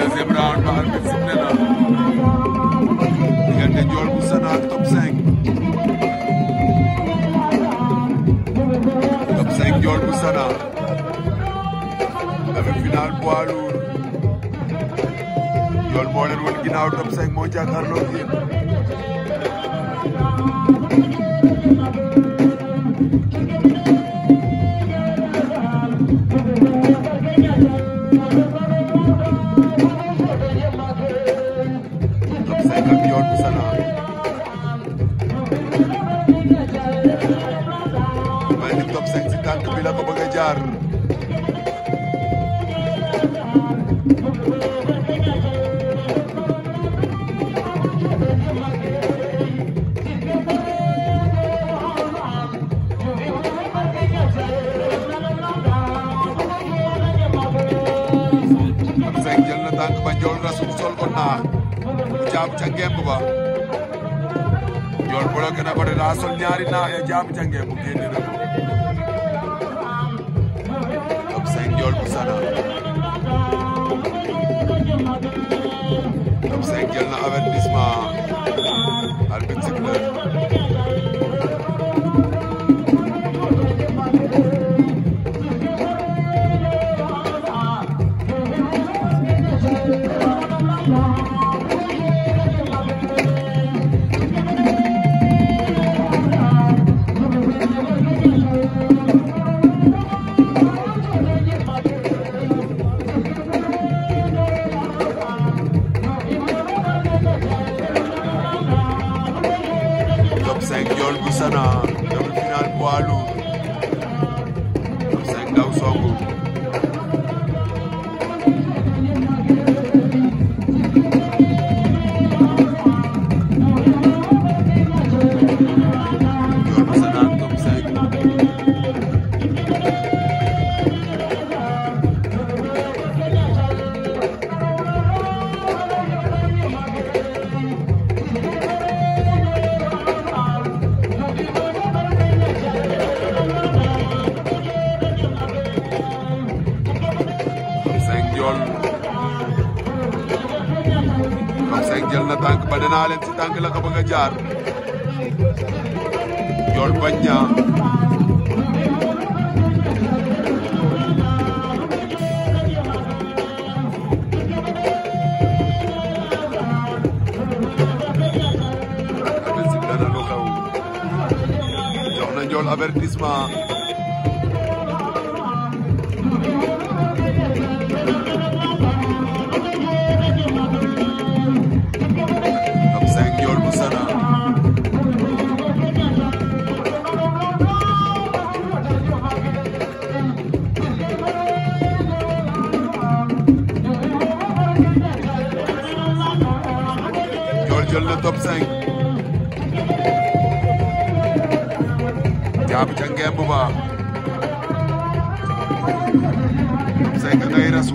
deuxième round ba arbitre sifflé na diggante Ndiol bu Sana ak Top 5 Top 5 Ndiol bu Sana avec final poids lourd Ndiol moo leen woon ginnaaw Top 5 moo jàkkaarloo tànk ba njool rasum sol ko naax mu jaam ca ngemb ba njool bloqué na ko de daa sol ñaari naax ya jaam ca ngemb génne na ko ab seng njool bu sana ab seng jël na avertissement Marseille jël na tànk ba danaa leen ci tànk la ko bëgg a jaar Ndiol bañ ñaa jox na Ndiol avertissement jël na top 5 jaabu ca ngemb ba top 5 ngay rasu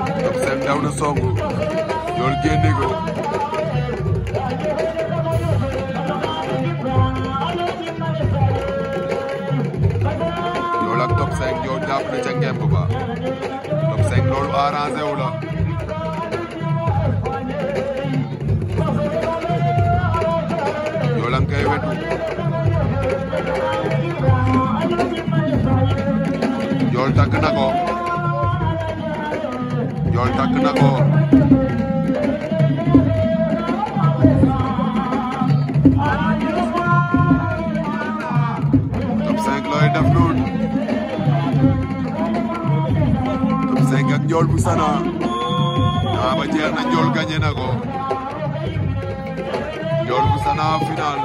Cap Sène daw na songu Ndiol génne ko Ndiol ak Top 5 ñoo jàpp na ca ngemb la Ndiol am wetu Ndiol takk na ko Ndiol takk na ko top 5 looy def noon top 5 ak Ndiol bu sana aa ba jeex na Ndiol gagné na ko Ndiol bu sana final